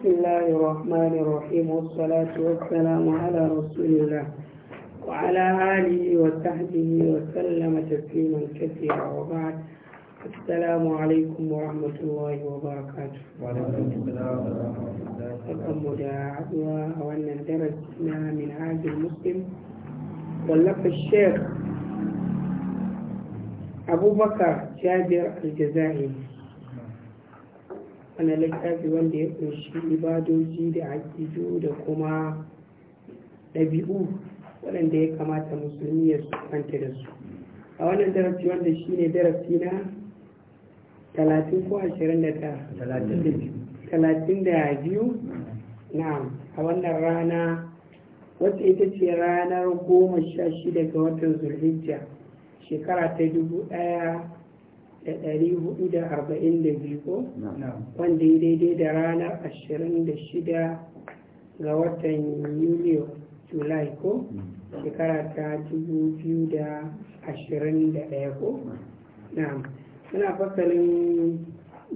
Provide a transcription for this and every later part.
بسم الله الرحمن الرحيم والصلاة والسلام على رسول الله وعلى آله وصحبه وسلم تسليما كثيرا وبعد السلام عليكم ورحمة الله وبركاته وعليكم السلام ورحمة الله وبركاته وأن درسنا من هذا المسلم ولف الشيخ أبو بكر جابر الجزائري wani littafi wanda ya kunshi ibadoji da aƙidu da kuma ɗabi'u waɗanda ya kamata musulmi ya kwanta da su a wannan darasi wanda shi ne darasi na 30 ko ashirin na a wannan rana wata ita ce ranar goma sha ga watan zulhijja shekara ta dubu ɗaya da ɗari hudu da arba'in da biyu ko wanda ya daidai da rana ashirin da shida ga watan yuliyo julai ko shekara ta dubu biyu da ashirin da ɗaya ko na'am muna fasalin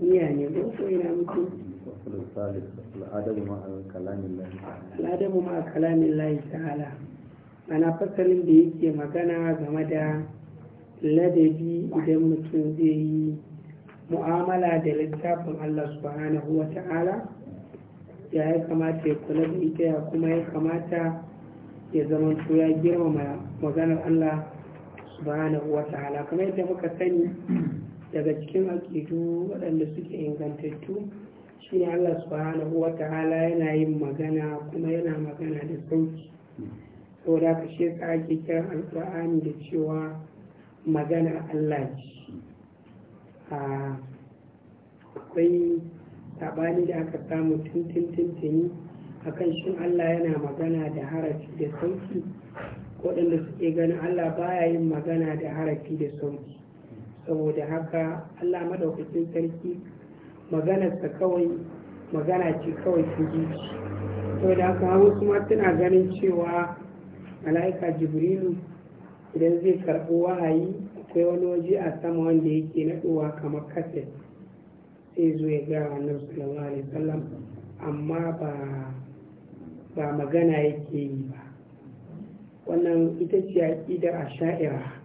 miya ne ko ko ina mutu al'adabu ma kalamin lahi ta'ala ana fasalin da yake magana game da ladabi idan mutum zai yi mu'amala da littafin Allah subhanahu wa ta'ala ya ya kamata ya kula da ita ya kuma ya kamata ya zama ya girmama maganar Allah subhanahu wa ta'ala kamar yadda muka sani daga cikin aƙidu waɗanda suke ingantattu shi ne Allah subhanahu wa ta'ala yana yin magana kuma yana magana da sauki saboda ka shi ake kiran alƙur'ani da cewa magana Allah ji, ce akwai tabani da aka samu tuntuni a kan shin Allah yana magana da harafi da sauki waɗanda suke ganin Allah baya yin magana da harafi da sauki saboda haka Allah maɗaukakin sarki maganarsa kawai magana ce kawai ta ji saboda haka wasu ma suna ganin cewa mala'ika jibrilu idan zai karɓi wahayi akwai wani waje a sama wanda yake naɗuwa kamar kaset sai zo ya ga wannan sallallahu alaihi wasallam amma ba ba magana yake yi ba wannan ita ce aƙidar a sha'ira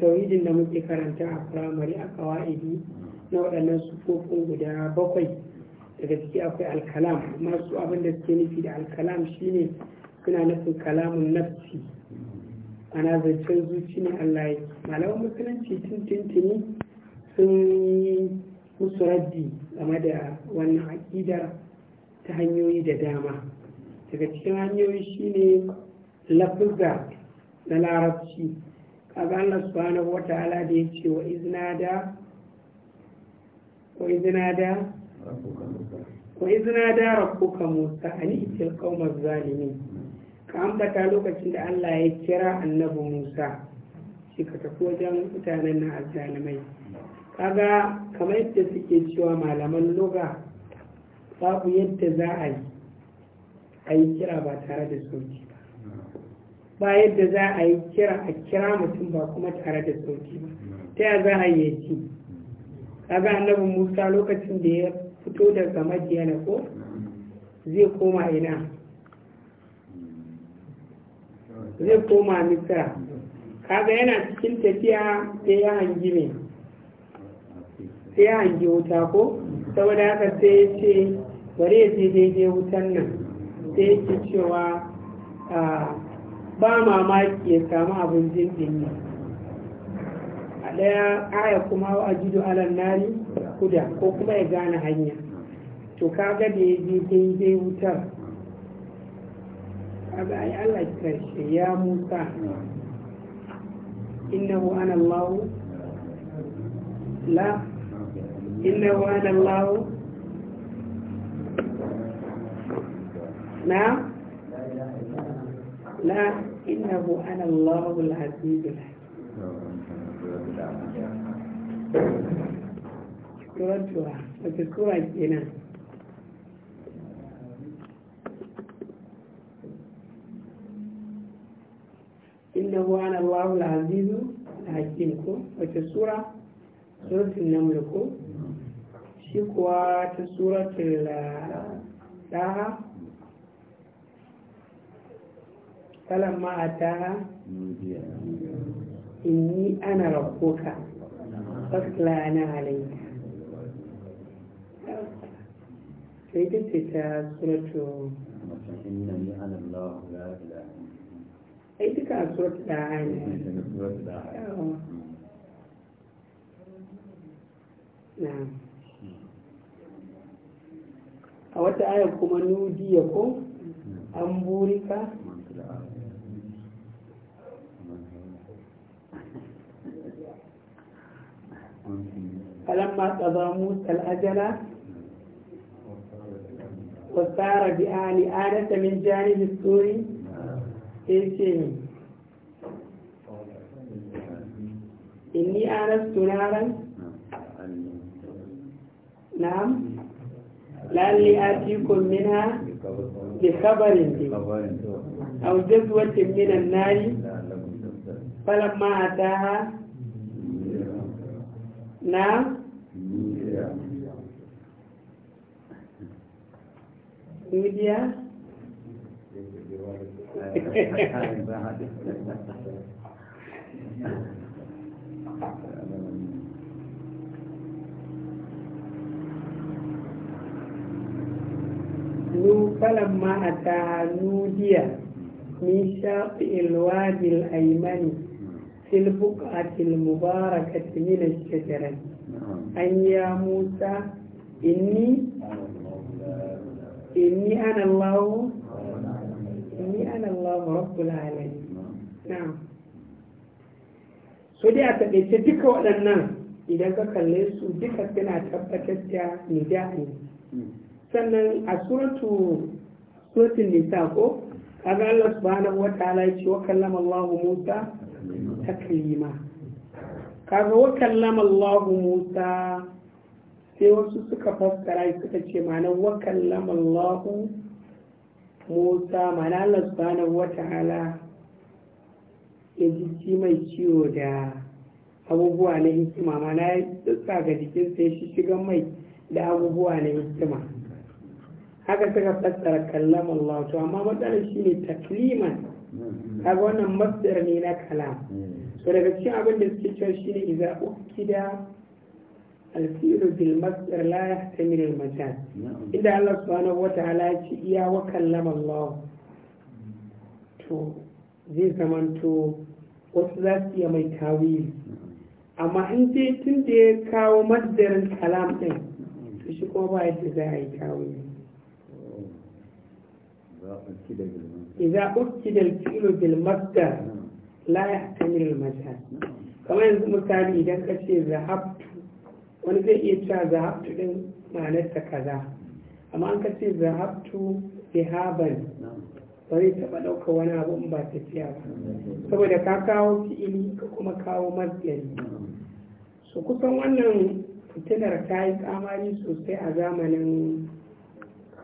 tauhidin da muke karanta a firamare a kawa'idi na waɗannan sufofin guda bakwai daga ciki akwai alkalam masu abin da suke nufi da alkalam shine suna nufin kalamun nafsi ana zancen zuci na Allah yi malawar musulunci tun tuntuni sun yi musu raddi game da wannan aƙida ta hanyoyi da dama daga cikin hanyoyi shine lafuzza na larabci kaga Allah subhanahu wata'ala da ya ce wa da wa izina da iznada rabbuka musa an itil qaumaz zalimin ka ambata lokacin da Allah ya kira annabi Musa shi ka tafi wajen mutanen na azzalimai kaga kamar yadda suke cewa malaman loga babu yadda za a yi a yi kira ba tare da sauki ba yadda za a yi kira a kira mutum ba kuma tare da sauki ba ta ya za a yi ci kaga annabi Musa lokacin da ya fito daga Madiyana ko zai koma ina zai koma misra kaga yana cikin tafiya sai ya hangi ne sai ya hangi wuta ko saboda haka sai ya ce bari ya je daidai wutan nan sai ya ce cewa ba mamaki ya samu abin jirgin a ɗaya aya kuma a jido alan nari kuda ko kuma ya gane hanya to kaga da ya je daidai wutar أبعي على يا موسى إنه أنا الله لا إنه أنا الله نعم لا إنه أنا الله العزيز الحكيم innahu ana Allahu al'azizu al'hakim ko wace sura suratul naml ko shi kuwa ta suratul daha falamma ataha inni ana rabbuka fasla ana alayka sai ta ce ta suratul ai duka a surat a wata ayar kuma nudiya ko an burika فلما قضى موسى الأجل وسار بآل آلة من جانب السور yace inni anas turaran na'am lalle atikum minha bi khabarin aw jazwatin minan nari falamma ataha na'am Media. nu falamma ata nudiya min shafi'il wadil aymani fil buqatil mubarakati min ash-shajarati an ya musa inni inni ana allah ni ana Allah rabbul alamin na'am so dai a taƙaice duka waɗannan idan ka kalle su duka suna tabbatar da nida hmm. sannan a suratu suratul nisa ko kaga Allah subhanahu wa ta'ala yace wa kallama Allah Musa taklima kaga wa kallama Allah Musa sai wasu suka fassara suka ce ma'ana wa kallama Allah musa mana allah subhanahu wata'ala ya ji shi mai ciwo da abubuwa na hikima mana ya tsaka ga jikinsa ya shi shiga mai da abubuwa na hikima haka suka fassara kallam Allah to amma matsalar shi ne takliman kaga wannan masdar ne na kalam hmm. to daga cikin abin da suke cewa shine idza ukida alfi'lu bil masdar la yahtamilu al makan idan Allah subhanahu wataala ya ce iya wa kallama Allah to zai zamanto wasu za su iya mai tawili amma in dai tun da ya kawo masdarin kalam din to shi kuma ba yadda za a yi tawili إذا أكد الفعل بالمصدر لا يحتمل المجهول kamar yanzu misali idan ka ce zahabtu wani zai iya cewa zahabtu din ta kaza amma an ka ce zahabtu ihaban ba zai taɓa ɗauka wani abu in ba tafiya ba saboda ka kawo fi'ili ka kuma kawo masgari su kusan wannan fitilar ta yi tsamari sosai a zamanin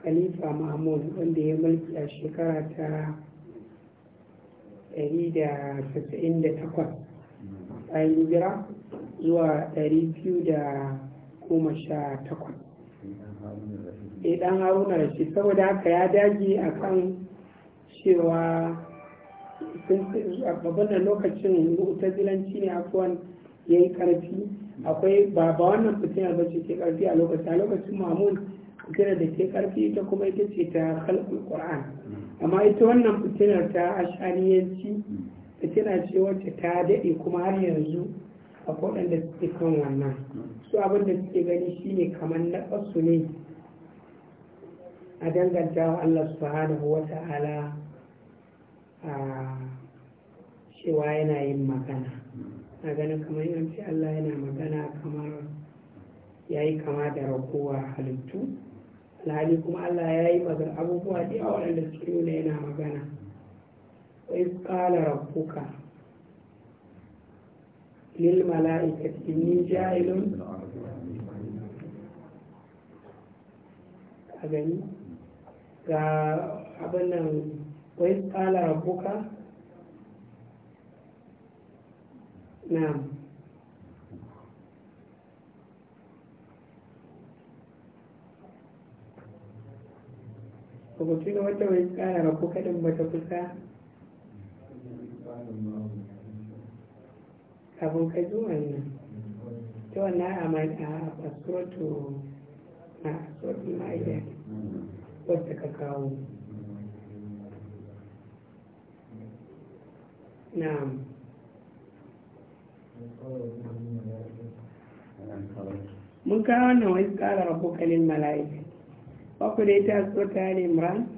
khalifa mahmud wanda ya mulki a shekara ta 198 bayan hijira zuwa ɗari biyu da goma sha takwas e ɗan haruna shi saboda haka ya dage kan cewa babban da lokacin zilanci ne afuwan ya yi ƙarfi akwai ba wannan fitinar ba ke ƙarfi a lokacin a lokacin mamun fitinar da ke ƙarfi ita kuma ita ce ta halkul ƙur'an amma ita wannan fitinar ta ashariyanci fitina ce wacce ta daɗe kuma har yanzu a waɗanda suke kan wannan su abin da suke gani shi ne kamar na ƙasu ne a danganta wa Allah subhanahu wa ta'ala a cewa yana yin magana a ganin kamar yin ce Allah yana magana kamar ya yi kama da raguwa halittu alhali kuma Allah ya yi magana abubuwa da yawa waɗanda suke nuna yana magana wai ƙala rakuka lil mala'ikati inni ja'ilun a وإذ ga ربك نعم wai tsala na wata tsara rabu kafin ka ji wannan ta wannan a suratu a suratu ma'ida ka kawo mun kawo wannan wani tsara rabu kalin mala'ika ba ku da ita suratu imran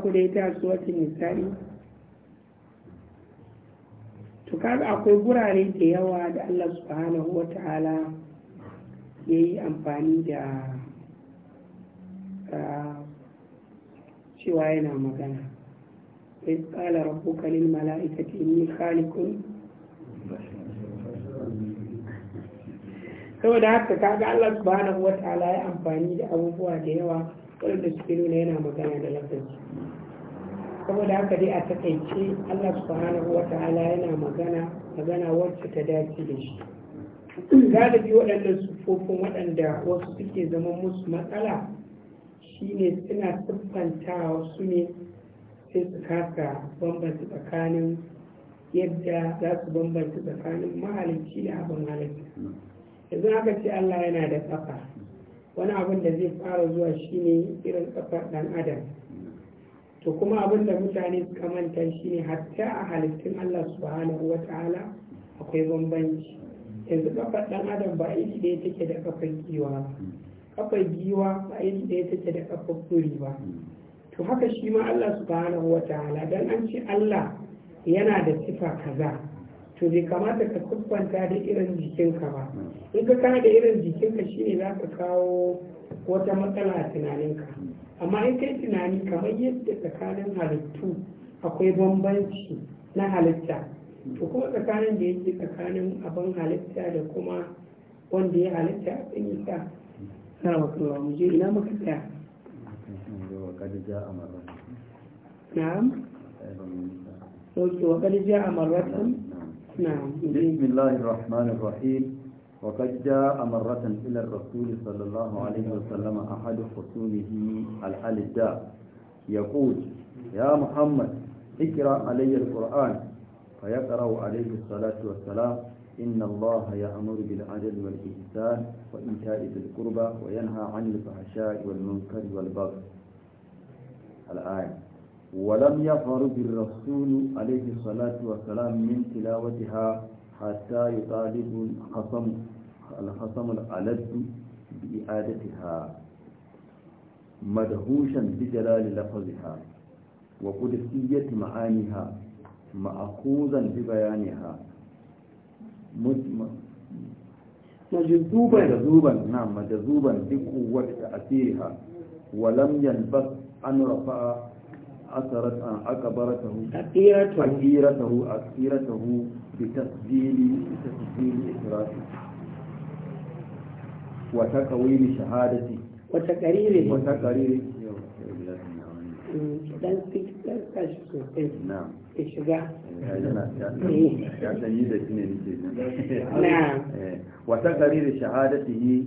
ku da ta su suwatin nisa'i to kaga akwai gurare da yawa da Allah subhanahu wa ta'ala ya yi amfani da ah, cewa yana magana إذ قال ربك للملائكة yi خالق saboda haka kaga Allah subhanahu wa ta'ala ya amfani da abubuwa da yawa waɗanda suke nuna yana magana da lafazi saboda haka dai a takaice allah subhanahu wa ala yana magana magana wacce ta dace da shi galibi waɗannan sufofin waɗanda wasu suke zama musu matsala shine suna siffanta wasu ne sai su kasa bambanta tsakanin yadda za su bambanta tsakanin mahalicci da abin halitta yanzu haka ce allah yana da tsaka. wani abin da zai fara zuwa shine irin kafar dan adam to kuma abin da mutane suka manta shine hatta a halittun Allah subhanahu wa ta'ala akwai bambanci yanzu kafar dan adam ba iri ɗaya take da kafar giwa kafar giwa ba iri ɗaya take da kafar kuri ba to haka shi ma Allah subhanahu wa ta'ala dan an ce Allah yana da sifa kaza to bai kamata ka siffanta da irin jikinka ba in ka kana da irin jikinka shine za ka kawo wata matsala a tunaninka amma in kai tunani kamar yadda tsakanin halittu akwai bambanci na halitta to kuma tsakanin da yake tsakanin abin halitta da kuma wanda ya halitta a tsanin sa na wakilwa mu je ina muka tsaya na'am ok kadija a marratan نعم. بسم الله الرحمن الرحيم وقد جاء مرة إلى الرسول صلى الله عليه وسلم أحد خصومه الحلداء يقول يا محمد اقرأ علي القرآن فيقرأ عليه الصلاة والسلام إن الله يأمر بالعدل والإحسان وإيتاء ذي القربى وينهى عن الفحشاء والمنكر والبغي الآية ولم يفر الرسول عليه الصلاة والسلام من تلاوتها حتى يطالب الخصم الخصم الألد بإعادتها مدهوشا بجلال لفظها وقدسية معانيها مأخوذا ببيانها مجذوبا مجذوبا نعم مجذوبا بقوة تأثيرها ولم يلبث أن رفع أثرت أكبرته أثيرته أثيرته أثيرته بتسجيل بتسجيل إسرافه وتقويم شهادته وتقريره وتقريره dan kashi sosai na shiga eh, ya sanyi eh. da shi ne nike na wata kari da shahadati yi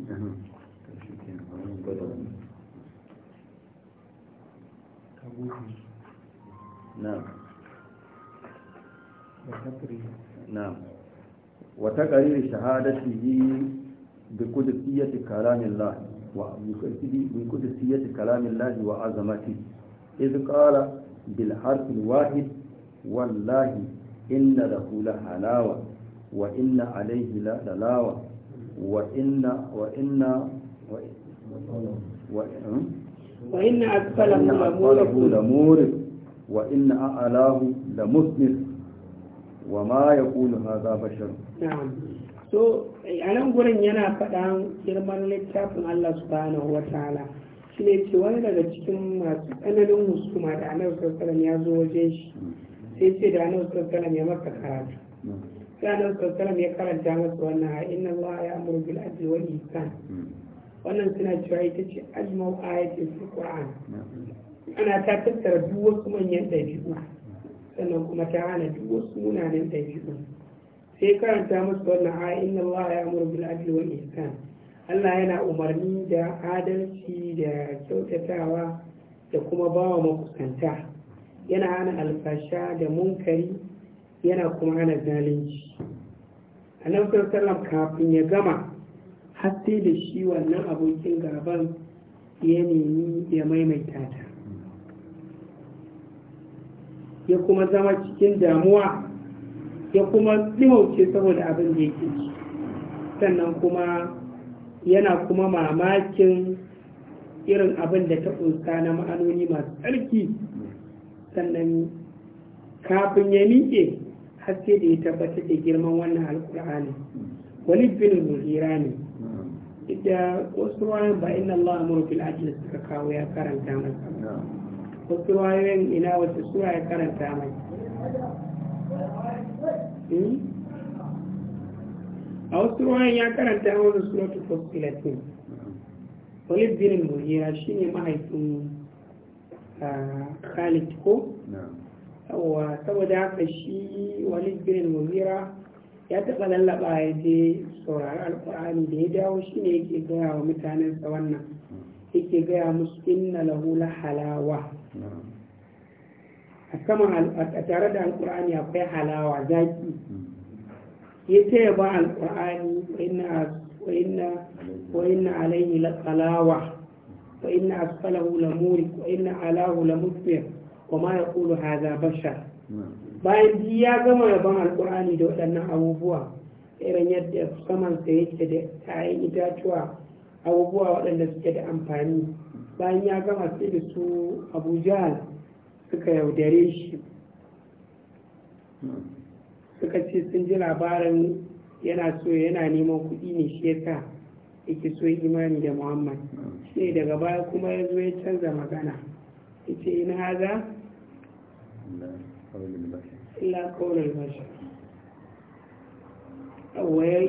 Thank you. na'am na'am wa taqrir shahadatihi bi qudsiyati kalamillah wa bi qudsiyati kalamillah wa azamatihi wahid wallahi inna lahu la halawa wa inna alayhi la dalawa wa inna wa inna hmm? wa inna a'alahu la musnis wa ma yaqulu hadha bashar so a gurin yana fada girman littafin Allah subhanahu wa ta'ala shine ce wani daga cikin masu tsananin husuma da annabi sallallahu ya zo wajen shi sai ce da annabi sallallahu ya maka karatu sai annabi sallallahu ya karanta masa wannan inna Allah ya amuru bil adli wal ihsan hmm. wannan suna cewa ita ce ajma'u ayatin fil qur'an ana ta tattara duk wasu manyan ɗabi'u sannan kuma ta hana duk wasu munanan ɗabi'u sai karanta musu wannan a inna Allah ya amuru bil wal ihsan Allah yana umarni da adalci da kyautatawa da kuma bawa makusanta yana hana alfasha da munkari yana kuma hana zalunci annabi sallallahu kafin ya gama har da shi wannan abokin gaban ya nemi ya maimaita ta ya kuma zama cikin damuwa ya kuma limauce saboda abin da yake ci sannan kuma yana kuma mamakin irin abin da ta ƙunsa na ma'anoni masu tsarki sannan kafin ya miƙe har sai da ya tabbatar da girman wannan alƙur'ani wani bin muhira ne idda wasu ruwan ba inna Allah amuru bil suka kawo ya karanta masa wasu wayoyin ina wasu ya karanta mai hmm? a wasu wayoyin ya karanta wani suratu fasilatin walid bin mugira shi ne mahaifin ah, khalid ko saboda haka shi walid bin mugira ya taɓa lallaba ya je saurari alkur'ani da ya dawo shi ne yake gaya wa mutanensa wannan hmm. yake gaya musu inna lahu la halawa a a tare da alkur'ani akwai halawa zaki ya ce ya ba alkur'ani wa inna alaihi la talawa wa inna asfalahu la muri wa inna alahu la mutbir wa ma yaqulu hadha bashar bayan ji ya gama ban alkur'ani da waɗannan abubuwa irin yadda saman sa yake da 'ya'yan itatuwa abubuwa waɗanda suke da amfani bayan ya gama sai da su abuja suka yaudare shi suka ce sun ji labarin yana so yana neman kuɗi ne shi yasa yake so imani da muhammad sai daga baya kuma ya zo ya canza magana ya ce in haza illa kawai bashi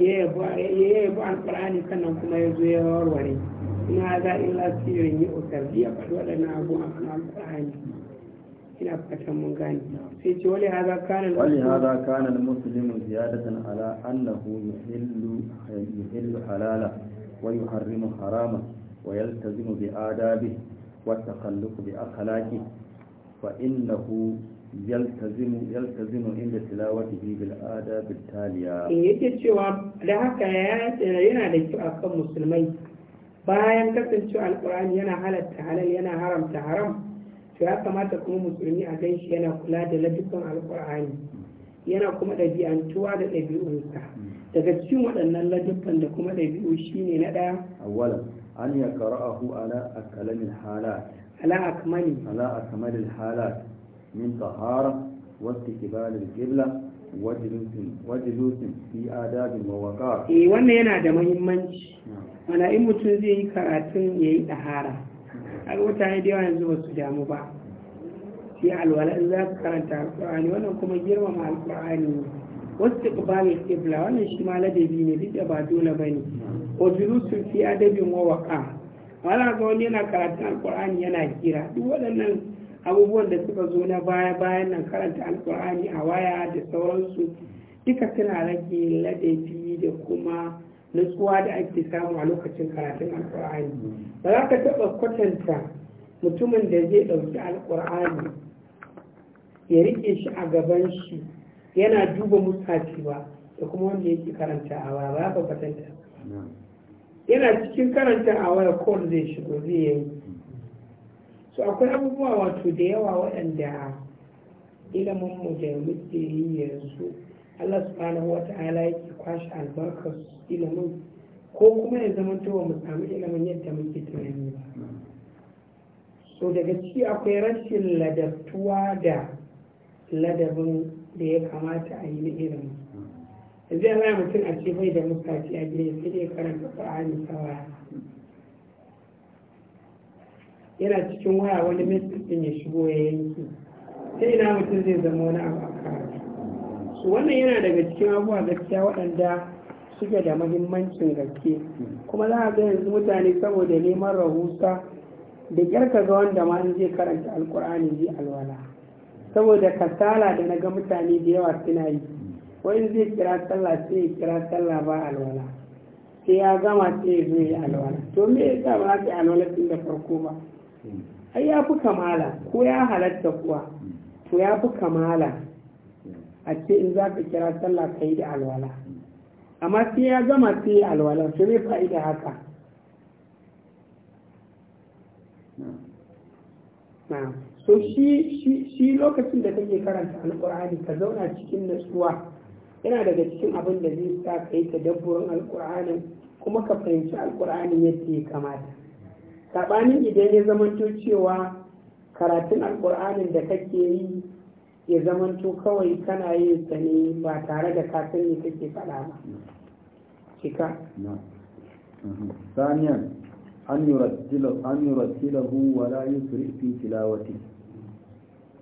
ya yabo alƙur'ani sannan kuma ya zo ya warware in haza illa sirrin yi ukar ya faɗi waɗannan abu a kan alƙur'ani ina fatan mun gane sai ce wali haza kana wali haza kana muslimu ziyadatan ala annahu yuhillu yuhillu halala wa yuharrimu harama wa yaltazimu bi adabi wa takhalluqu bi akhlaqi fa innahu yaltazimu yaltazimu inda tilawatihi bil adab al taliya eh, yake cewa da haka yana da kyau akan musulmai bayan kasancewa alkur'ani yana halatta halal yana haramta haram to ya kamata kuma musulmi a gan shi yana kula da ladukan alkur'ani yana kuma ɗabi'antuwa da ɗabi'unsa daga cikin waɗannan ladukan da kuma ɗabi'u shine na ɗaya awwalan an ya qara'ahu ala akalamin halat ala akmali ala akmalil halat min tahara wa istiqbal al-qibla wa julusin fi adab wa waqar eh wannan yana da muhimmanci mana in mutum zai yi karatun ya yi ɗahara har mutane da yawa yanzu ba su damu ba Shi alwala in za ka karanta alƙur'ani wannan kuma girmama alƙur'ani ne wasu iqbalul qibla wannan shi ma ladabi ne duk da ba dole bane zuru sun fi adabin wa wala ga wani yana karatun alƙur'ani yana kira duk waɗannan abubuwan da suka zo na baya bayan nan karanta alƙur'ani a waya da sauransu duka suna rage ladabi da kuma nutsuwa da ake samu a lokacin karatun alkur'ani ba za ka taɓa kwatanta mutumin da zai ɗauki alkur'ani ya riƙe shi a gaban shi yana duba mutaci ba da kuma wanda yake karanta a waya ba za ka kwatanta yana cikin karanta a waya kowar zai shigo zai yi so akwai abubuwa wato da yawa waɗanda ilimin mu da muke yi yanzu Allah subhanahu wa ta'ala yake kwashe albarkar ilimin ko kuma ya zama towa mu samu ilimin yadda muke tunani ba so daga ciki akwai rashin ladabtuwa da ladabin da ya kamata a yi na ilimi zai Allah mutum a ce bai da musaci a gida sai dai karanta Qur'ani sawa yana cikin waya wani mai ya shigo ya yanki sai ina mutum zai zama wani abu a karatu su wannan yana daga cikin abubuwa gaskiya waɗanda suke da mahimmancin gaske kuma za a ga yanzu mutane saboda neman rahusa da kyarka ga wanda ma an je karanta alkur'ani ji alwala saboda kasala da na ga mutane da yawa suna yi wani zai kira sallah sai ya kira sallah ba alwala sai ya gama sai ya zo ya alwala to me ya sa ba za alwala tun da farko ba ai ya fi kamala ko ya halatta kuwa to ya fi kamala a ce in za ka kira sallah ka yi da alwala amma sai ya gama sai alwala Sai mai fa'ida haka so shi lokacin da kake karanta alkur'ani ka zauna cikin natsuwa yana daga cikin abin da zai sa ka yi tadabburin alkur'anin kuma ka fahimci alkur'anin yadda ya kamata saɓanin idan ya zamanto cewa karatun alkur'anin da kake yi ya zamanto kawai kana yin ta ne ba tare da ka sani kake faɗa ba kika mhm. an yi rattilahu wa la yi su rikin tilawati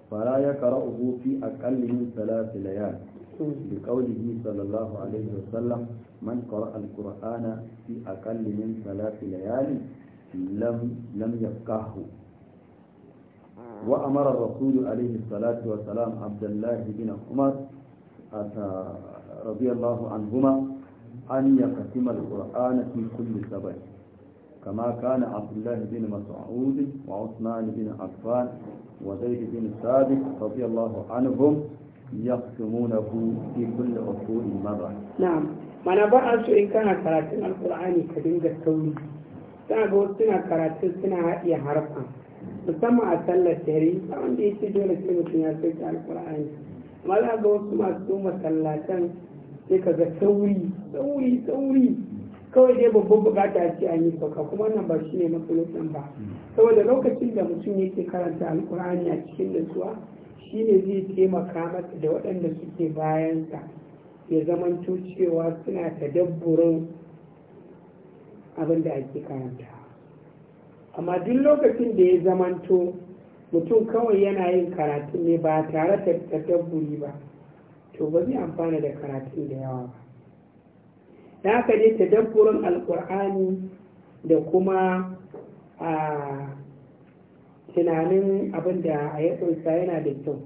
fara ya kara fi a kallin salati layal da hmm. kaulihi sallallahu alaihi man kara alkur'ana fi a kallin salati layali lam yakahu وأمر الرسول عليه الصلاة والسلام عبد الله بن عمر رضي الله عنهما أن يقسم القرآن في كل سبع كما كان عبد الله بن مسعود وعثمان بن عفان وزيد بن ثابت رضي الله عنهم يقسمونه في كل عصور مرة نعم mana ba a so in kana karatun alkur'ani ka dinga sauri za ga wasu suna karatun suna haɗiya harfa musamman a sallar shari ba wanda ya dole sai mutum ya sauke alkur'ani amma za ga wasu masu masallatan sai ka ga sauri sauri sauri kawai dai babban bukata ce an yi sauka kuma wannan ba shi ne matsalolin ba saboda lokacin da mutum yake karanta alkur'ani a cikin nutsuwa shi ne zai taimaka masa da waɗanda suke bayansa ya zamanto cewa suna tadabburin abin da ake karanta amma duk lokacin da ya zamanto mutum kawai yana yin karatu ne ba tare da tattabburi ba to ba zai amfana da karatu da yawa ba da haka dai tadabburin alkur'ani da kuma a tunanin abin da yi kunsa yana da kyau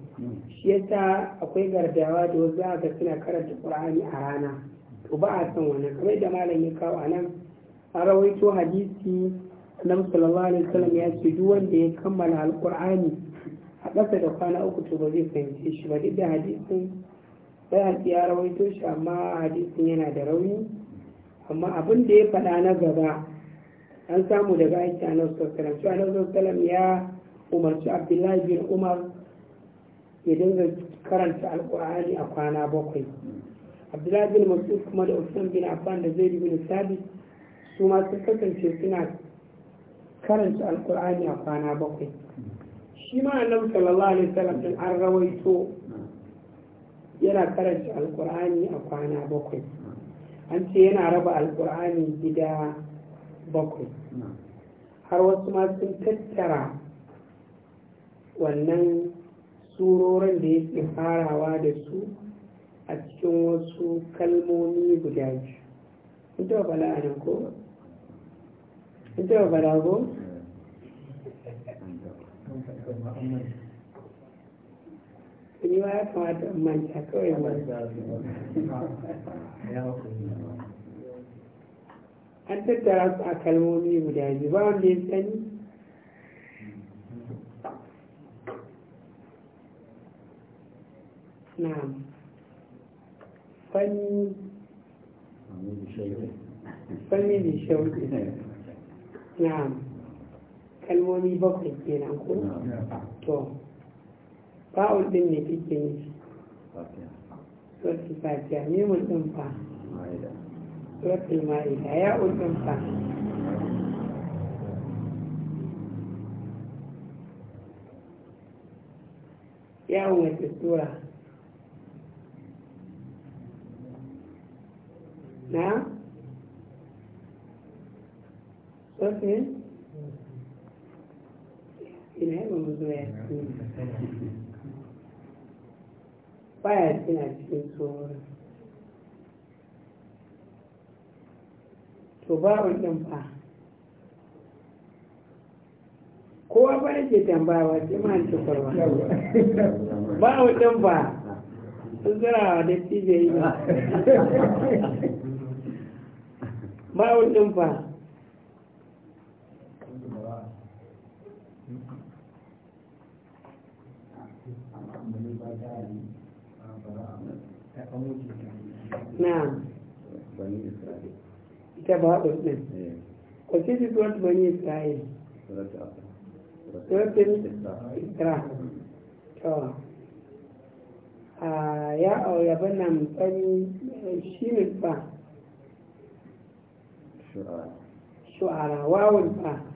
shi yasa akwai gardawa da wasu za ga suna karanta ƙur'ani a rana to ba a san wannan kamar da malam ya kawo nan a rawaito hadisi annabi sallallahu alaihi wasallam ya ce duk wanda ya kammala alqur'ani a ƙasa da kwana uku to ba zai fahimce shi ba da hadisin sai an ya rawaito shi amma hadisin yana da rauni amma abin da ya faɗa na gaba an samu daga aiki a nan sassalam shi a nan sassalam ya umarci abdullahi bin umar ya dinga karanta alkur'ani a kwana bakwai abdullahi bin masud kuma da usman bin affan da zai bin sabit su ma sun kasance suna karanta alkur'ani a kwana bakwai shi ma annabi sallallahu alaihi wasallam din an rawaito yana karanta alkur'ani a kwana bakwai an ce yana raba alkur'ani gida bakwai har wasu ma sun tattara wannan surorin da yake farawa da su a cikin wasu kalmomi guda biyu. Ita ba ko? ita ba balago ni ma ya kamata in manta kawai ma an tattara a kalmomi guda biyu ba wanda ya sani نعم na'am kalmomi bakwai kenan ko to fa'ul din ne kike yi sosai fatiya mimun din fa sosai ma'ida ya'ul din fa yawon wata sura na Entonces, ina ina cikin tsoron to ɗin fa kowa ba da ke tambawa ce ma ce kwarwa bawon ɗin fa sun zirawa da yi ba bawon ɗin fa na'am bani isra'il ita ba haɗu ɗin eh. ko ce ya auya bana mutsani eh, shi ne shu'ara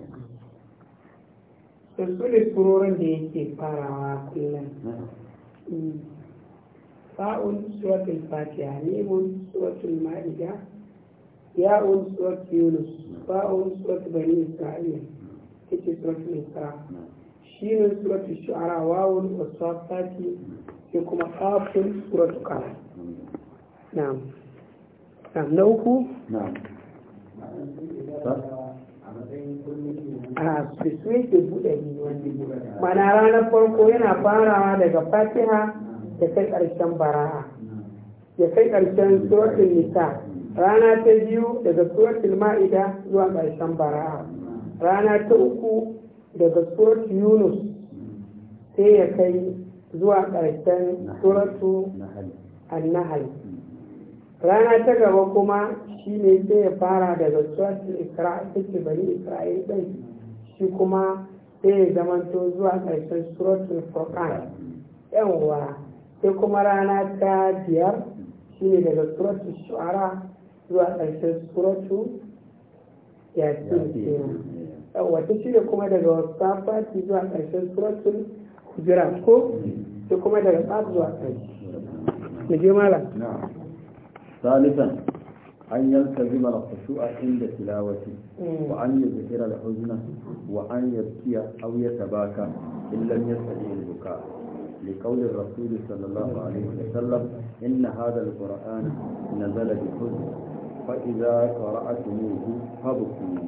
to su ne da yake farawa kullum fa'un suwatul fatiha nemun suwatul ma'ida ya'un suwatul yunus fa'un suwatul bani isra'ila ita suwatul isra ne suwatul shu'ara wawun wa suwatati sai kuma kafin suwatul Kala na na uku a buɗe mana ranar farko yana farawa daga fatiha da kai ƙarshen bara'a ya kai ƙarshen suratul nisa rana ta biyu daga suratul ma'ida zuwa ƙarshen bara'a rana ta uku daga suratul yunus sai ya kai zuwa ƙarshen suratu annahal rana ta gaba kuma shi ne sai ya fara daga tsohon ikra bari isra'il shi kuma sai ya zamanto zuwa ƙarshen suratul furqan yawwa sai kuma rana ta biyar shi ne daga suratul shu'ara zuwa ƙarshen suratul yasin kenan yawwa ta shi kuma daga wasafati zuwa ƙarshen suratul hujura ko sai kuma daga tsaf zuwa ƙarshe mu ثالثا أن يلتزم الخشوع عند تلاوته وأن يظهر الحزن وأن يبكي أو يتباكى إن لم يستطيع البكاء لقول الرسول صلى الله عليه وسلم إن هذا القرآن نزل بحزن فإذا قرأتموه فبكوا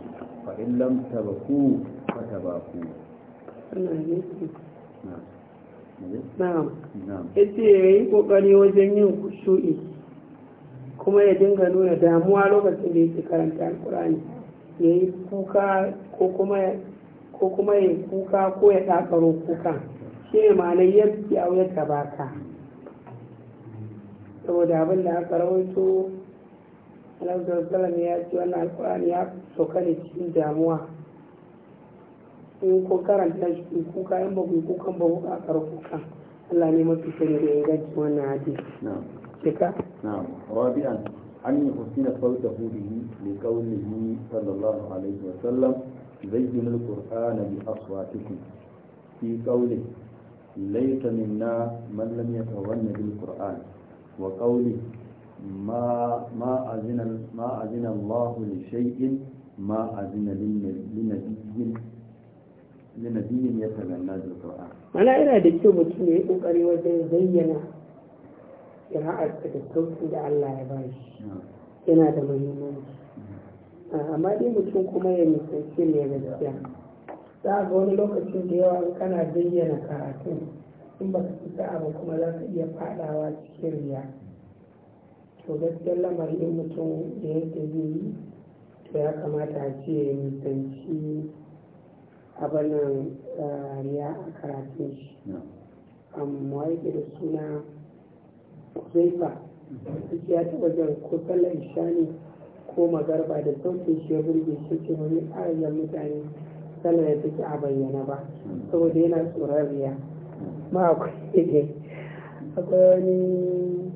فإن لم تبكوا فتباكوا نعم نعم نعم نعم نعم نعم نعم نعم kusuri kuma ya dinga nuna damuwa lokacin da yake karanta alkur'ani ya yi kuka ko kuma ya kuka ko ya ɗakaro kuka shi ne ma'anar yabki a wuyar tabaka saboda abin da aka rawaito alhamdulillah salam ya ce wannan alkur'ani ya soka ne cikin damuwa in ko karanta shi kuka in ba ku kukan ba ku ƙaƙar Allah ne mafi sani da gaji wannan hadisi. Shika? نعم رابعا أن يحسن صوته به لقوله صلى الله عليه وسلم زين القرآن بأصواتكم في قوله ليس منا من لم يتغن بالقرآن وقوله ما ما أذن ما أذن الله لشيء ما أذن لنبي لنبي يتغنى بالقرآن. أنا إلى دكتور mutum ya yi ƙoƙari wajen zayyana kira'ar da da Allah ya ba shi yana da muhimmanci amma ɗin mutum kuma ya nisanci ne gaskiya za ga wani lokacin da yawa kana bayyana karatun in ba ka fita abu kuma za ka iya fadawa cikin riya to gaskiyar lamarin in mutum da yake yi to ya kamata a ce ya nisanci abanan eh, riya a karatun shi amma yake da suna zaifa ya taɓa jan ko sallar ishani ko magarba da sauke shi ya burge shi ce wani ƙarayyar mutane sallar ya take a bayyana ba saboda yana tsoron riya ma akwai akwai wani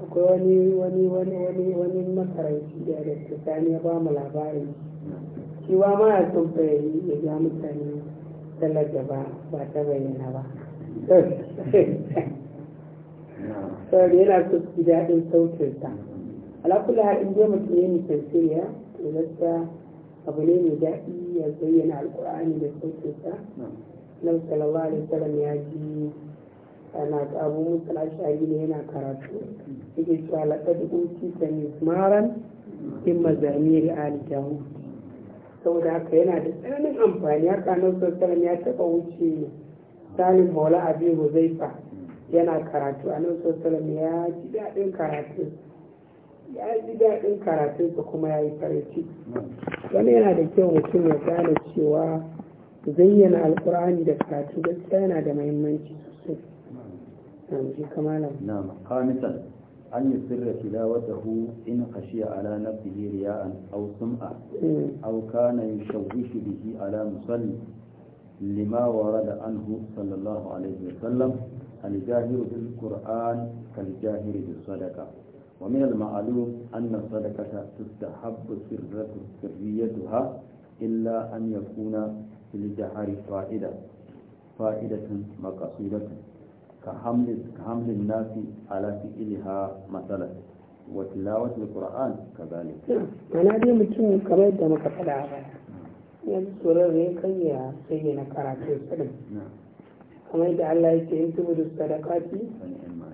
akwai wani wani wani wani wani makaranci da da tsakani ya ba mu labarin shi ba ma ya tsofa ya ja mutane sallar ba ba ta bayyana ba saboda yana so su daɗin sautinsa alakula har in je mutum ya nisan siriya to gaskiya abu ne mai daɗi ya bayyana alƙur'ani da sautinsa nan sallallahu alaihi wasallam ya ji ana abu musul ashari ne yana karatu yake cewa laƙad uti ta mismaran in mazamiri ali saboda haka yana da tsananin amfani haka annabi sallallahu ya taɓa wuce salim maula abin huzaifa yana karatu a nan sallallahu ya ji daɗin karatu ya ji daɗin karatunsa kuma ya yi farci wani yana da kyau mutum ya gane cewa zayyana alkur'ani da karatu gaskiya yana da muhimmanci sosai. Na'am, shi kamala. Na'am, kawai misali. an yi sirra tilawatahu in khashiya ala nabbihi riya'an aw sum'a aw kana yushawwishu bihi ala musalli lima warada anhu sallallahu alayhi wa sallam al jahir bil qur'an kal jahir bis sadaqa wa min al ma'lum anna sadaqata tustahabbu sirratu sirriyatuha illa an yakuna lil jahari fa'ida fa'idatan maqsudatan كحمل الناس على فعلها مثلا وتلاوة القرآن كذلك أنا دي متين كما يدى مكتلا yanzu tsoron ya kai ya bayyana karatun sadin kamar yadda Allah ya ce in tubu da sadakati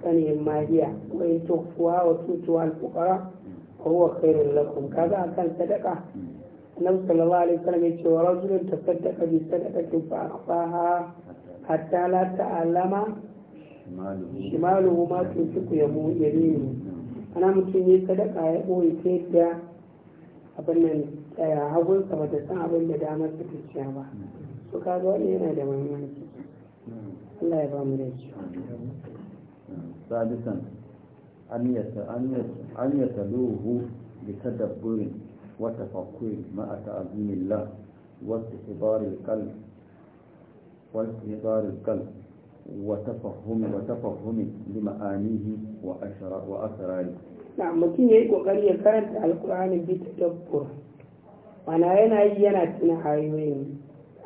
sanin mahiya wa in tukuwa wa tutuwa al-fuqara wa huwa khairul lakum akan sadaka annabi sallallahu alaihi wasallam ya ce wa rajulun tasaddaqa shimalu ma suku ya mu yaminu ana mutum yi sadaka ya ɓoye ta yadda abin nan eh, hagunsa ba ta san abin da damar su tuciya ba su ka kaga ne yana da mahimmanci Allah ya ba mu da shi sadisan an yi taluhu bi tadabburin wa tafakkurin ma'a ta'azimillah wa istibar al-qalb wa istibar al وتفهم وتفهم لمعانيه وأسراره نعم mutum ya yi ƙoƙari ya karanta alƙur'ani bi ta dabbur mana yana yi yana tuna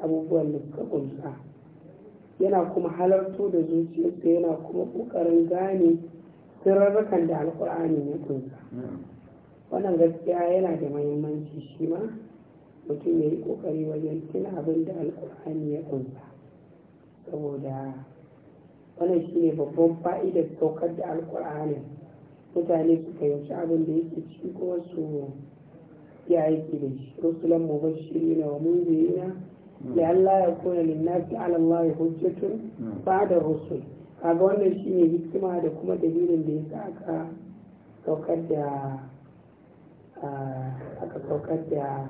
abubuwan da suka ƙunsa yana kuma halarto da zuciyarsa yana kuma ƙoƙarin gane sirrarrakan da alƙur'ani ya ƙunsa wannan gaskiya yana da mahimmanci shi ma mutum ya yi ƙoƙari wajen tuna abin da alƙur'ani ya ƙunsa saboda wannan shine babban fa'idar saukar da alkur'ani mutane su fahimci abin da yake ciki kuma su yi aiki da shi rusulan mubashirina wa na da hmm. Allah ya kuna na fi Allah ya hujjatun hmm. ba da rusul kaga wannan shine hikima da kuma dalilin da yasa aka saukar da aka saukar da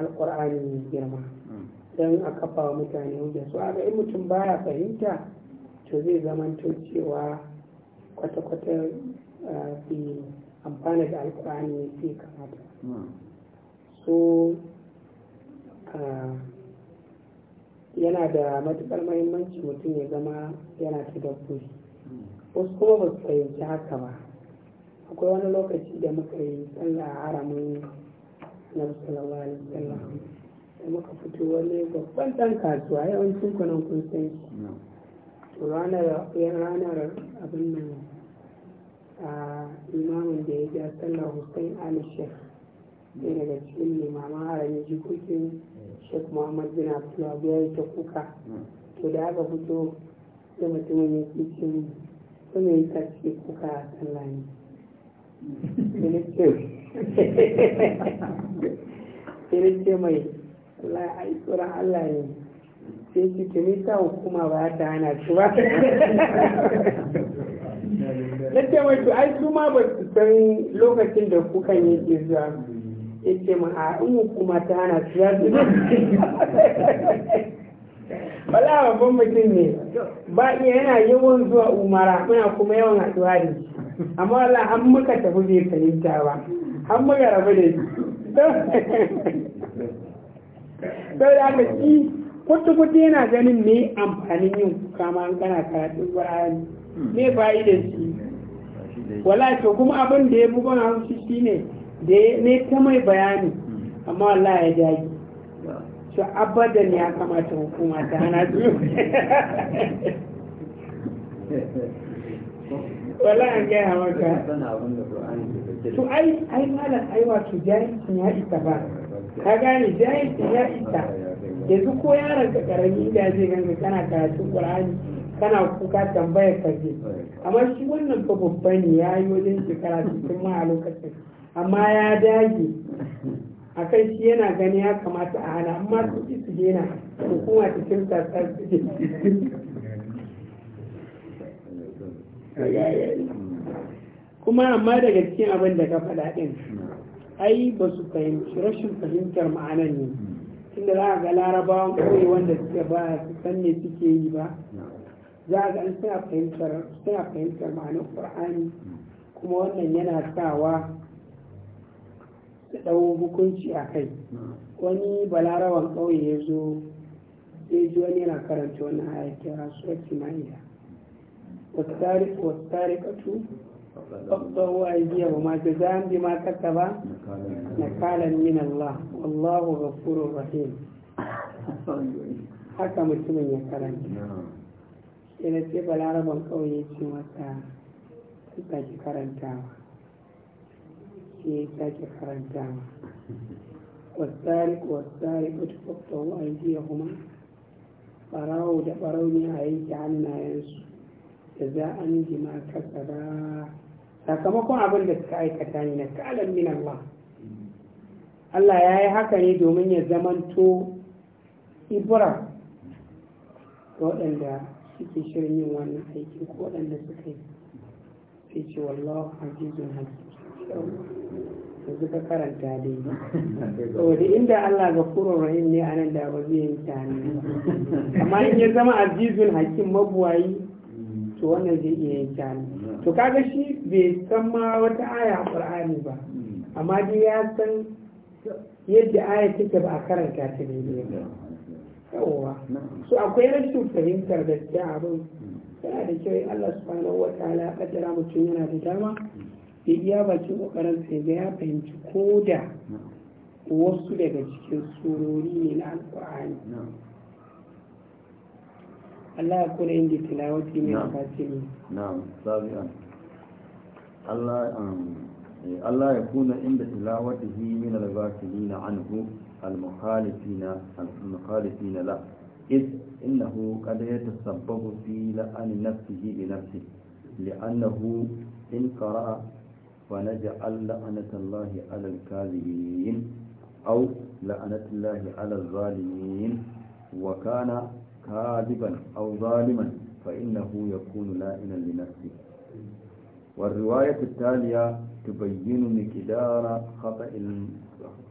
alkur'ani girma hmm. don a kafa mutane hujja su aga in mutum baya fahimta to zai zamanto cewa kwata-kwata fi eh, amfana da alkur'ani fi kamata so eh, yana da matukar mahimmanci mutum ya zama yana ta dabbobi. wasu kuma ba su fahimci haka ba akwai wani lokaci da muka yi sallah a haramin na sallallahu alaihi wasallam da muka fito wani babban dan kasuwa yawancin kunan kun san shi ranar ranar abin nan a imamin da ya ja sallar hussein ali shek ne daga cikin limaman harami jikokin shek muhammad bin abdullahi ya yi ta kuka to da aka fito da mutumin ya ke cin kuma ya ta ce kuka a sallah ne sai ce mai Allah ya tsoron Allah ne sai ki tuni sa hukuma ba ta hana shi ba na ce mai to ai su ma ba su san lokacin da kukan yake zuwa ya ce ma a in hukuma ta hana su ya su wala babban mutum ne ba iya yana yawan zuwa umara muna kuma yawan haɗuwa da shi amma wala an muka tafi bai fahimta ba an muka rabu da shi sau da aka ci kwata-kwata yana ganin me amfanin yin kuka ma an kana karatun ƙur'ani me fa'idar shi wala to kuma abin da ya bugon haushi ne da ne ta mai bayani amma wala ya jagi to abadan ya kamata hukuma ta hana su wala an gaya maka to ai ai malam ai wato jahilcin ya isa ba ka gane jahilcin ya isa yanzu ko yaron ka karami inda zai ganka kana karatun qur'ani kana kuka tambayar ka amma shi wannan fa babba ne ya yi wajen shekara cikin ma a lokacin amma ya dage a kan shi yana gani ya kamata a hana amma su ci su dena ta kimta ta su kuma amma daga cikin abin da ka faɗa ɗin ai ba su fahimci rashin fahimtar ma'anan ne tunda za ga larabawan kawai wanda suke ba su san me suke yi ba za ga an suna fahimtar suna fahimtar ma'anar qur'ani kuma wannan yana sawa su ɗau hukunci a kai wani balarawan ƙauye ya zo ya ji wani yana karanta wani aya kira surati ma'ida والسارق والسارقة zambi ma جزاء ba na kalan من Allah الله غفور رحيم haka mutumin ya karanta sai da sai balaraban kawai ya ce mata ki sake karantawa sai ya sake karantawa wasari wasari kutu kwafta wa aiki kuma barawo da barau ne a yanke hannayensu da za an jima kasa ba sakamakon abin da suka aikata ne na kalan min Allah Allah ya yi haka ne domin ya zamanto ibra ko waɗanda suke shirin yin wannan aikin ko waɗanda suka yi sai ce wallahu azizun yanzu ka karanta dai saboda inda Allah ga furon rahim ne anan da ba zai yi tani amma in ya zama azizun hakim mabuwayi to wannan zai iya yin tani to kaga shi bai san ma wata aya a ba amma dai ya san yadda aya take ba a karanta ta daidai ba yawwa so akwai rashin fahimtar da ta abin yana da kyau Allah subhanahu wa ta'ala kaddara mutum yana da dama ya iya bakin kokarin sai ga ya fahimci ko da wasu daga cikin surori ne na alkur'ani Allah ya kula inda tilawati mai fasiri na'am sabi'an Allah um, Allah ya kuna inda tilawatihi min al-ghafilin anhu al-mukhalifin al-mukhalifin la إذ إنه قد يتسبب في لأن نفسه بنفسه لأنه إن قرأ فنجعل لعنة الله على الكاذبين أو لعنة الله على الظالمين وكان كاذبا أو ظالما فإنه يكون لائنا لنفسه والرواية التالية تبين مقدار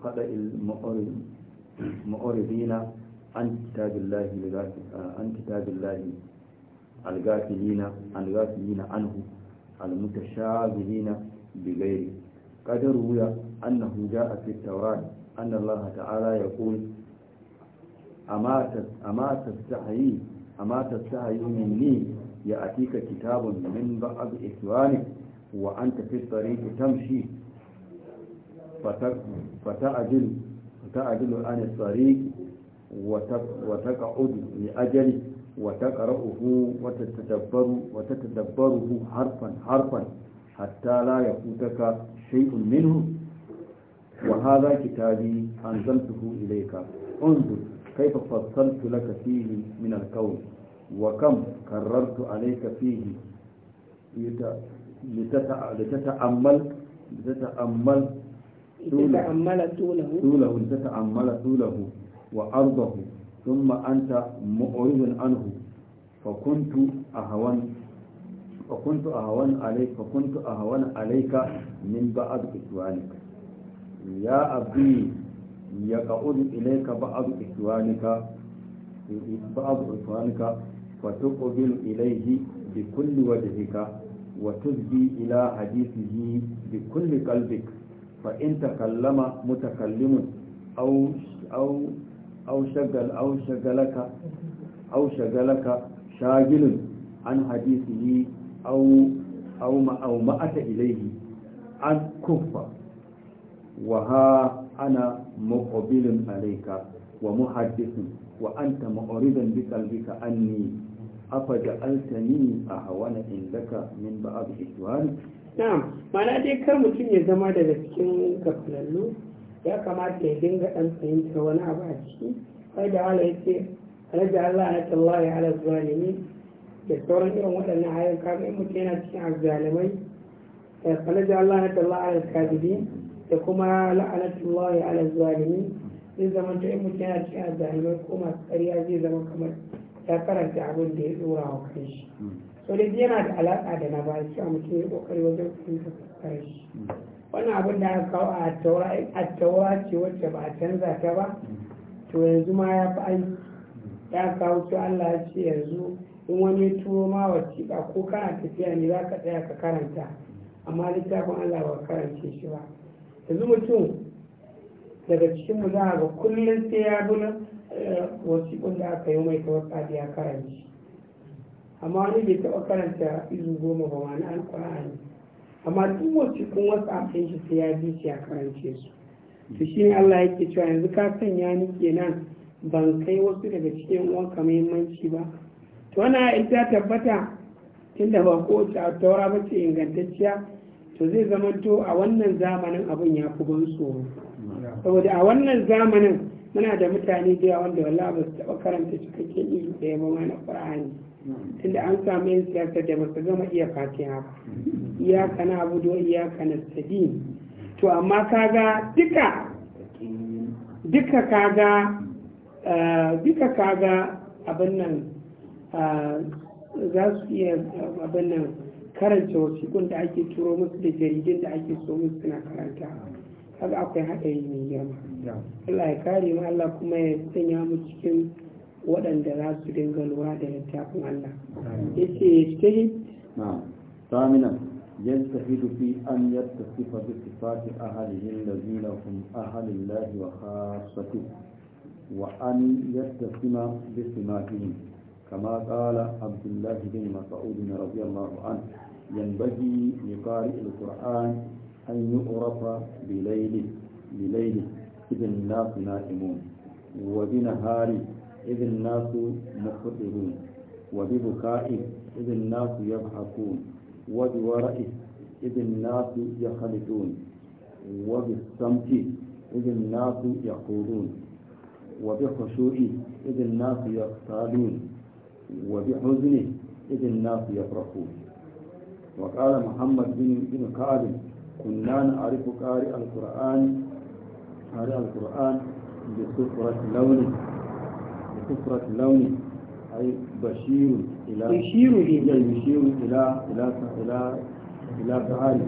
خطأ المعرضين عن كتاب الله عن كتاب الله الغافلين الغافلين عنه المتشابهين بغيره قد روي أنه جاء في التوراة أن الله تعالى يقول أما تستحيي أما تستحيي مني يأتيك كتاب من بعض إخوانك وأنت في الطريق تمشي فتعدل فتعدل عن الطريق وتقعد لأجله وتقرأه وتتدبر وتتدبره حرفا حرفا حتى لا يفوتك شيء منه وهذا كتابي أنزلته إليك انظر كيف فصلت لك فيه من الكون وكم كررت عليك فيه لتتأمل طوله وأرضه ثم أنت مؤرض عنه فكنت أهوان فكنت أهوان عليك فكنت أهوان عليك من بعض إخوانك يا أبي يقعد إليك بعض إخوانك بعض إخوانك فتقبل إليه بكل وجهك وتزدي إلى حديثه بكل قلبك فإن تكلم متكلم أو أو أو شغل أو شغلك أو شغلك شاغل عن حديثه أو أو ما أو مأت إليه عن كفة وها أنا مقبل عليك ومحدث وأنت معرض بقلبك أني afa da ja'altani a hawana indaka min ba ba'd ihwan na'am mana dai kar mutum ya zama daga cikin gafalallu ya kamata ya dinga dan fahimtar wani abu a ciki kai da Allah yace raja Allah ya tallahi ala zalimin da sauran irin waɗannan ayoyin kaga mutum yana cikin azzalimai falaja Allah ya tallahi ala kadibin da kuma la'anatullahi ala zalimin zai zama ta mutum yana cikin azzalimai ko masu ƙarya zai zama kamar ya karanta abin da ya dora wa kai shi so dai yana da alaƙa da na baya a mutum ya kokari wajen fahimtar kare shi wannan abin da aka kawo a taura a ce wacce ba a canza ta ba to yanzu ma ya fi ai ya kawo to Allah ya ce yanzu in wani ya turo ma ba ko kana tafiya ne za ka tsaya ka karanta amma littafin Allah ba karance shi ba yanzu mutum daga cikin mu za a ga kullum sai ya bi Wasu da aka yi mai tawaka da ya karanci amma wani bai taɓa karanta izu goma ba wani ma'ana alƙur'ani amma duk wasiƙun wasu afin shi sai ya bi shi ya karance su to shi ne Allah yake cewa yanzu ka sanya ni kenan ban kai wasu daga cikin uwanka muhimmanci ba to wannan ita tabbata tunda ba kowace a taura ba ce ingantacciya to zai zamanto a wannan zamanin abin ya fi ban tsoro saboda a wannan zamanin muna da mutane da yawan wanda wallah ba su taɓa karanta cikakken iri da ya mama na ƙur'ani tunda an samu yin siyasa da ba su gama iya fatiha ba iyaka na abu da iyaka na sadi to amma kaga duka duka kaga eh, duka kaga abin nan eh, za su iya abin nan karanta wasiƙun da ake turo musu da jaridun da ake so musu suna karanta haka akwai haɗari mai girma Allah ya kare mu Allah kuma ya sanya mu cikin waɗanda za su dinga lura da littafin Allah yace yajtahid na'am thaminan يجتهد في أن يتصف بصفات أهله الذين wa أهل wa an وأن يتسم بسماتهم كما قال عبد الله بن مسعود رضي الله عنه ينبغي لقارئ القرآن أن يؤرف بليله بليله إذ الناس نائمون وبنهار إذ الناس مفطرون وببكائه إذ الناس يضحكون وبورئه إذ الناس يخلدون وبالصمت إذ الناس يقولون وبخشوع إذ الناس يغتالون وبحزنه إذ الناس يفرحون وقال محمد بن بن كعب كنا نعرف قارئ القرآن قارئ القرآن بصفرة لون بصفرة لون أي بشير إلى بشير إلى بشير إلى إلى إلى إلى سهاري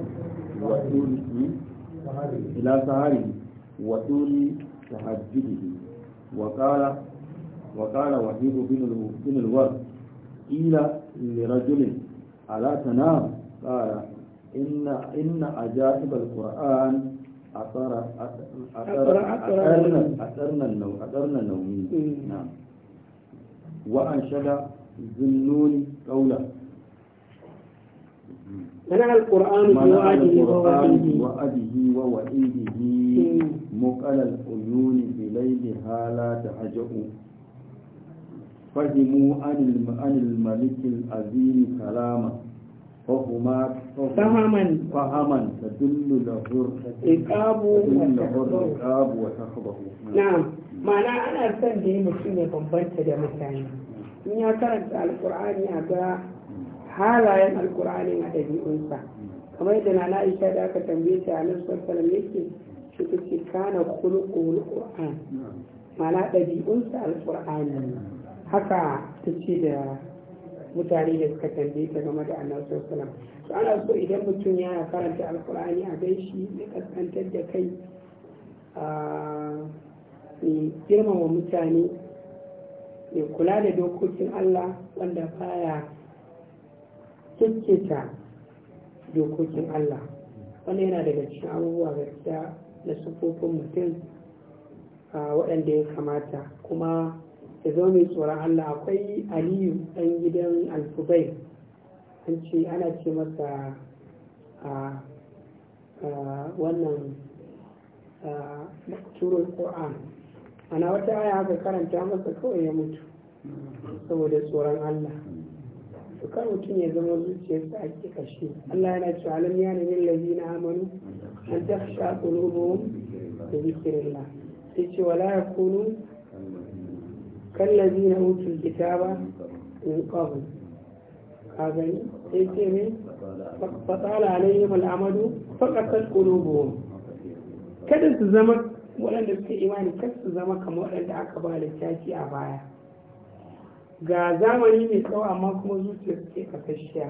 وطول إلى سهاري وطول تهجده وقال وقال وحيد بن الورد قيل لرجل ألا تنام قال إن إن عجائب القرآن أثر أثر أثرنا النوم أثرنا النوم نعم وأنشد ذنون قولا منع القرآن بوعده ووعيده وأبيه ووعيده مقل العيون بليلها لا تهجؤوا فهموا عن الملك العظيم كلامه فهما فهما فهما تدل له عقاب عقاب وتخبه نعم معنى أنا san da ya mutum ya bambanta da mutane in ya karanta Alƙur'ani a ga halayen Alƙur'ani a ɗabi'unsa kamar yadda na na'isha da aka tambaye ta a nan sassalam yake shi ta ce kana kulkul qur'an ma'ana ɗabi'unsa alkur'ani haka ta ce da mutane da suka tambaye ta game da annabi sallallahu alaihi ana so idan mutum ya karanta alkur'ani a gaishe ya kaskantar da kai mai wa mutane mai kula da dokokin Allah wanda baya kikkita dokokin Allah wanda yana daga cikin abubuwa gaskiya na sufofin mutum waɗanda ya kamata kuma ya zama mai tsoron Allah akwai aliyu ɗan gidan alfubai an ce ana ce masa a wannan turul ƙoran ana wata aya aka karanta masa kawai ya mutu saboda tsoron Allah kar mutum ya zama zuciyarsa a ke kashe Allah yana cewa alam ya ne min lazina amanu an takhsha qulubuhum bi dhikrillah sai ce wala kallabi na hutun kitaba in ƙabu a gani sai ce ne fasala alaihim al'amadu fakasar kulubuhum kada su zama waɗanda suke imani kada su zama kamar waɗanda aka ba littafi a baya ga zamani mai tsawo amma kuma zuciya suke kasashiya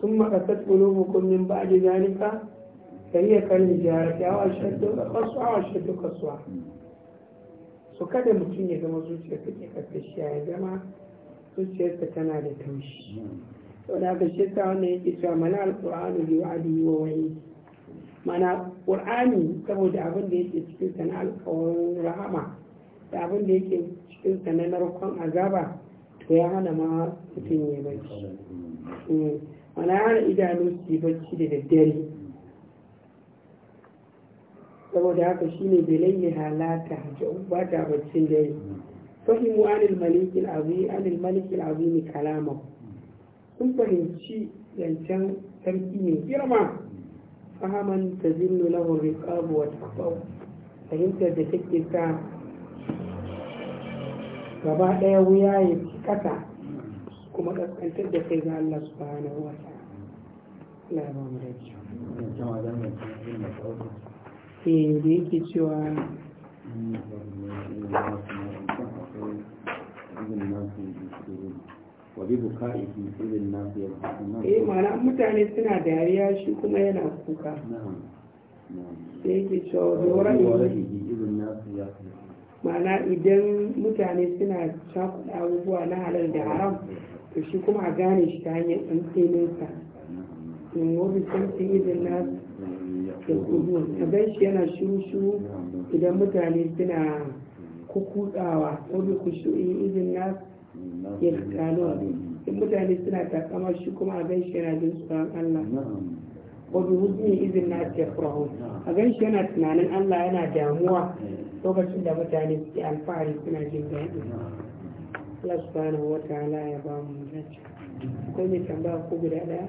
sun makasar ba a ba'di zalika sai ya kan jihar yawa shaddu kasuwa wa shaddu kasuwa To kada mutum ya zama zuciyarsa ke karkashiya ya zama zuciyarsa tana da taushi sau da aka shi sa wannan yake cewa mana alƙur'anu bi adi wa wani mana ƙur'ani saboda abin da yake cikin sa na alƙawarin rahama da abin da yake cikin sa na narkon azaba to ya hana ma mutum ya bacci hmm. mana hana idanu su yi bacci da daddare saboda haka shine ne halata da ba ta baccin yi fahimu anil malikin azim anil malikil azim kalama sun fahimci yancan sarki ne girma fahaman ta na lahu riqabu wa taqaw fahimtar da take sa gaba daya wuya ya ci kasa kuma kaskantar da kai ga Allah subhanahu wa ta'ala Allah ya ba mu e da yake cewa eh, ah, eh mana mutane suna dariya shi kuma yana kuka sai yake cewa mana idan mutane suna cakuɗa abubuwa na halar da haram to shi kuma a gane shi ta hanyar ɗan tseninsa in izin nasu A ganshi yana shiru-shiru idan mutane suna kukudawa bi ku in izin na ya kano in mutane suna takama shi kuma a ganshi yana jin tsoron Allah Ko wadda hujjin izin na ya furahu a ganshi yana tunanin Allah yana damuwa lokacin da mutane suke alfahari suna jin daɗi Allah subhanahu wa ta'ala ya ba mu dace akwai mai tambaya ko guda ɗaya?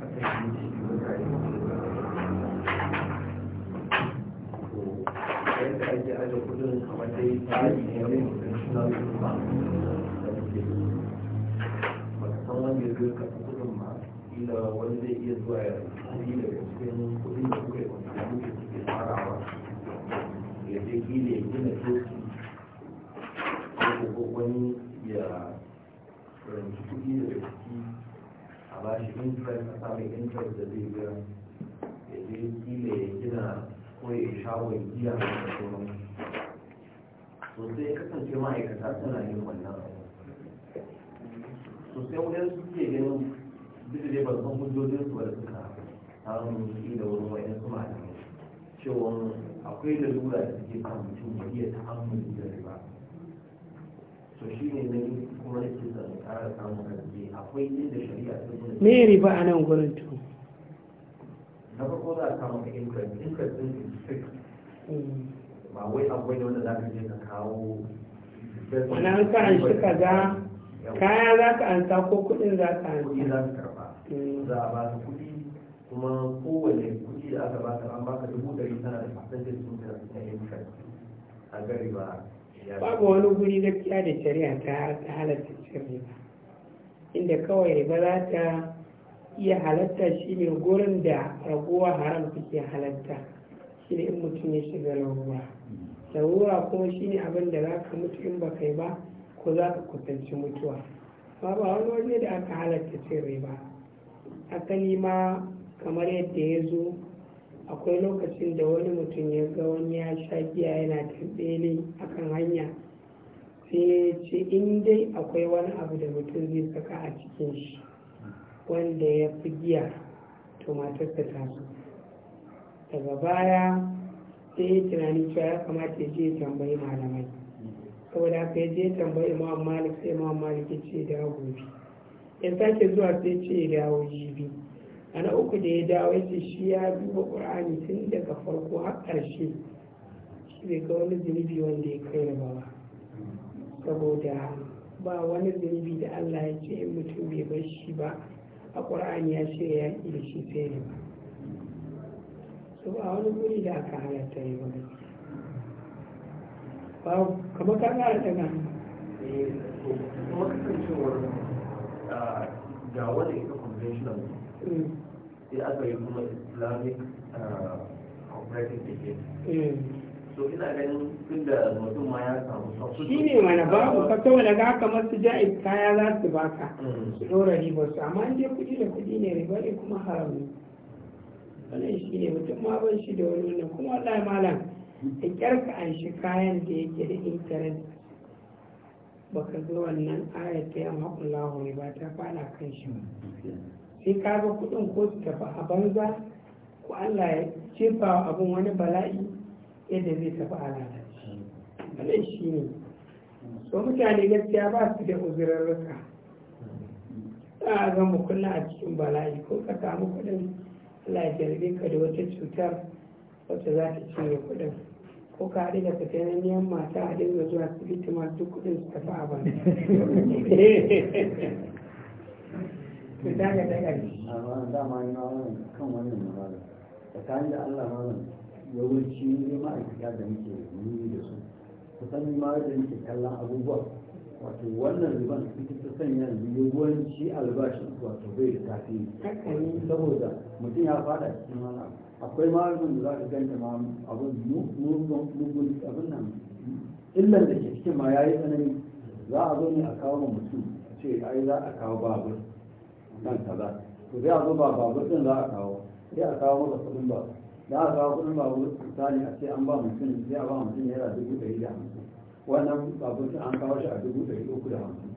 我，哎哎哎，做不准，他妈这一家一年能挣两万，两万，他妈早晚有这个资本嘛？你老说这，这玩意儿，这东西，这东西，这玩意儿，也得积累一定的资金，这不玩意儿，也，不容易的，这。a ba shi interest a samun interest da zai biya ya je kila ya gina ko ya shagon giya a sauran so sai kasance ma'aikata suna yin wannan abu so sai wajen suke ganin duk da ba san hujjojin su da suka samu shi da wurin wajen su malamai cewa akwai lalura da suke kan mutum ya iya ta'ammuli da riba to shi ne na kuma da samun akwai shari'a ta gudu riba a nan gurin na farko za a samu ka din mm. ba wai akwai ne wanda za ka je ka kawo wani an ka an kaya za ka an sa ko kuɗin za ka an kuɗi za karba, karɓa mm. za a ba kuɗi kuma kowane kuɗi da aka ba ka an ba ka dubu dari tana da fasantin sun na interest a gari ba babu wani guri gaskiya da shari'a ta halatta shari'a ba, inda kawai riba za ta iya halatta shi ne gurin da raguwa haram suke halatta shi ne in mutum ya shiga larura larura kuma shi ne abin da za ka mutu in ba kai ba ko za ka kusanci mutuwa ba ba wani waje da aka halatta shari'a ba asali ma kamar yadda ya zo akwai lokacin da wani mutum ya ga wani ya sha giya yana a akan hanya sai ya ce in dai akwai wani abu da mutum zai saka a cikin shi wanda ya fi giya to matarsa ta daga baya sai ya tunani cewa ya kamata ya je tambayi malamai saboda haka ya je tambayi imam malik sai imam malik ya ce da gobe ya sake zuwa sai ce dawo jibi a na uku da ya dawo yace shi ya duba ƙur'ani tun daga farko har ƙarshe shi bai ga wani zunubi wanda ya kai na ba saboda ba wani zunubi da Allah ya ce in mutum bai bar shi ba a ƙur'ani ya ce ya yi da shi sai ba so a wani guri da aka halatta ya ba ba kamar ka ƙara daga eh, kuma kasancewar ah, ga wani ita conventional sai aka yi kuma islamic uh, operating ticket eh. so ina ganin tun da mutum ma ya samu sauƙi shi ne mana babu uh, ka kawai daga haka masu ja'in kaya za su baka mm. su ɗora riba su amma in dai kuɗi da kuɗi ne riba ne kuma haram ne wannan shi ne mutum ma ban shi da wani wannan kuma wallahi malam da kyar ka an shi kayan da yake da intanet baka zo wannan ayat ta yamma kullahu riba ta fada kan shi ba. Mm. sai ka ga kuɗin ko su tafi a banza ko Allah ya cefa abin wani bala'i yadda zai tafi a lalace balai shi ne so mutane gaskiya ba su da uzurarruka za a ga mukulla a cikin bala'i ko ka samu kudin Allah ya ka da wata cutar wacce za ta cinye kudin ko ka haɗu da fitanen mata a dinga zuwa asibiti masu kudin su tafi a banza to ta ga daga ne amma dama na kan wannan magana tsakanin da Allah malam yawanci ne ma'aikata da muke yi da su kusan ma da muke kallon abubuwa wato wannan riban ita ta sanya yawanci albashi wato bai da tafi saboda mutum ya fada cikin wani akwai malamin da za ka ganta ma abin mugun abin nan illan da ke cikin ma ya yi tsanani za a zo ne a kawo mutum a ce ai za a kawo babur kan kaza to sai a zo ba babur din za a kawo sai a kawo maka kuɗin ba da aka kawo kuɗin babur misali a ce an ba mutum sai a ba mutum naira dubu ɗari da hamsin wannan babur ta an kawo shi a dubu ɗari uku da hamsin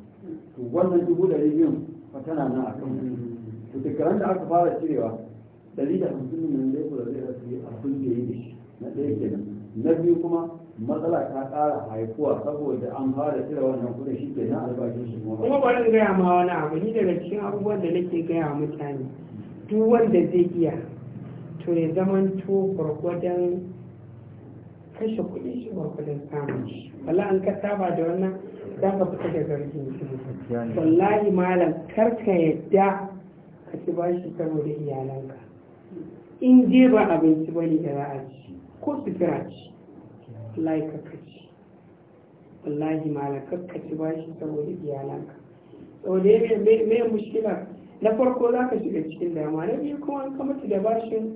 to wannan dubu ɗari biyun fa tana nan a kan to dukkanin da aka fara cirewa ɗari da hamsin ne zai kula zai rasu a kun da yi na ɗaya kenan na biyu kuma matsala ta ƙara haifuwa saboda an fara cire wannan kuɗin shi ke nan albashin shi kuma kuma bari gaya ma wani abu ni daga cikin abubuwan da nake gaya wa mutane duk wanda zai iya to ya zaman to gwargwadon kashe kudin shi gwargwadon samun shi wala an ka saba da wannan za ka fita da zargin shi wallahi malam kar ka yadda ka ci bashi saboda iyalanka in je ba abinci bane da za a ci ko sutura ci wallahi kaci wallahi malam kaci ba shi saboda iyalanka dai me mai mushkila na farko za ka shiga cikin damuwa na biyu kuma an kamata da bashin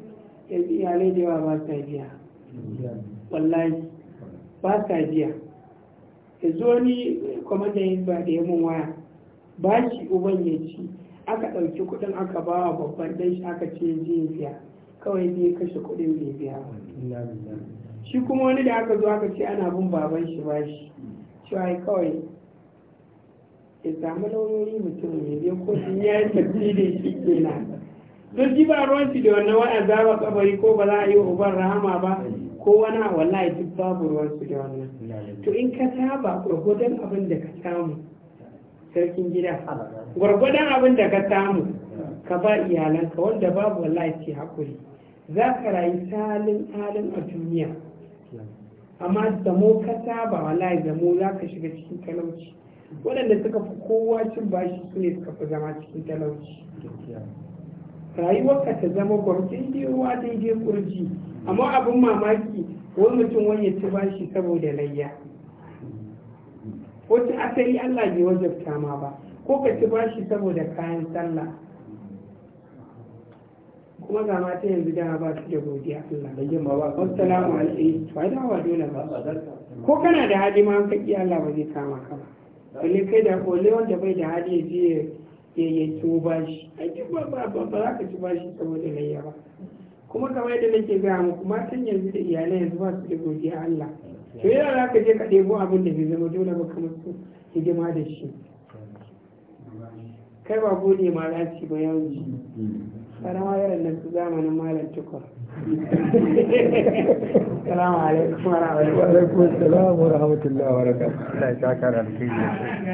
yanzu eh, iyalai da yawa ba sa biya wallahi ba sa biya da zo ni kwamanda yin ba da yamin waya bashi uban ya ci aka ɗauki kuɗin aka ba wa babban ɗan shi aka ce je biya kawai ne kashe kuɗin bai biya shi kuma wani da aka zo aka ce ana bin baban shi ba shi cewa kawai ya samu lauyoyi mutum ne dai ko shi ya yi tafi da shi kenan don ji ba ruwan shi da wannan wani ba kabari ko ba za a yi uban rahama ba ko wani wallahi duk babu ruwan su da wannan to in ka saba gwargwadon abin da ka samu sarkin gida gwargwadon abin da ka samu ka ba iyalanka wanda babu wallahi ce hakuri za ka rayu salin halin a duniya amma da mu ka saba wallahi da mu za ka shiga cikin talauci waɗanda suka fi kowa cin bashi su ne suka fi zama cikin talauci Rayuwar rayuwarka ta zama gwamnatin da daidai kurji amma abin mamaki wani mutum wani ci bashi saboda layya wata asali allah bai wajabta ma ba ko ka ci bashi saboda kayan sallah kuma ga mata yanzu da ba su da godiya Allah da yin eh, ba assalamu to ba da wa dole ba ko kana da hali ma an ki Allah ba zai kama ka ba balle kai da kole wanda bai da hali ya je ya ya ci bashi ai duk ba ba ba za ka ci bashi saboda layya ba kuma kamar yadda nake ga muku matan yanzu da iyalai yanzu ba su da godiya Allah to yana za ka je ka ɗebo abin da bai zama dole ba kamar su hidima da shi kai ba gode ma za ba yanzu mm. karama yaran nan su zamanin malam tukur salamu alaikum wa rahmatullahi wa barakatuh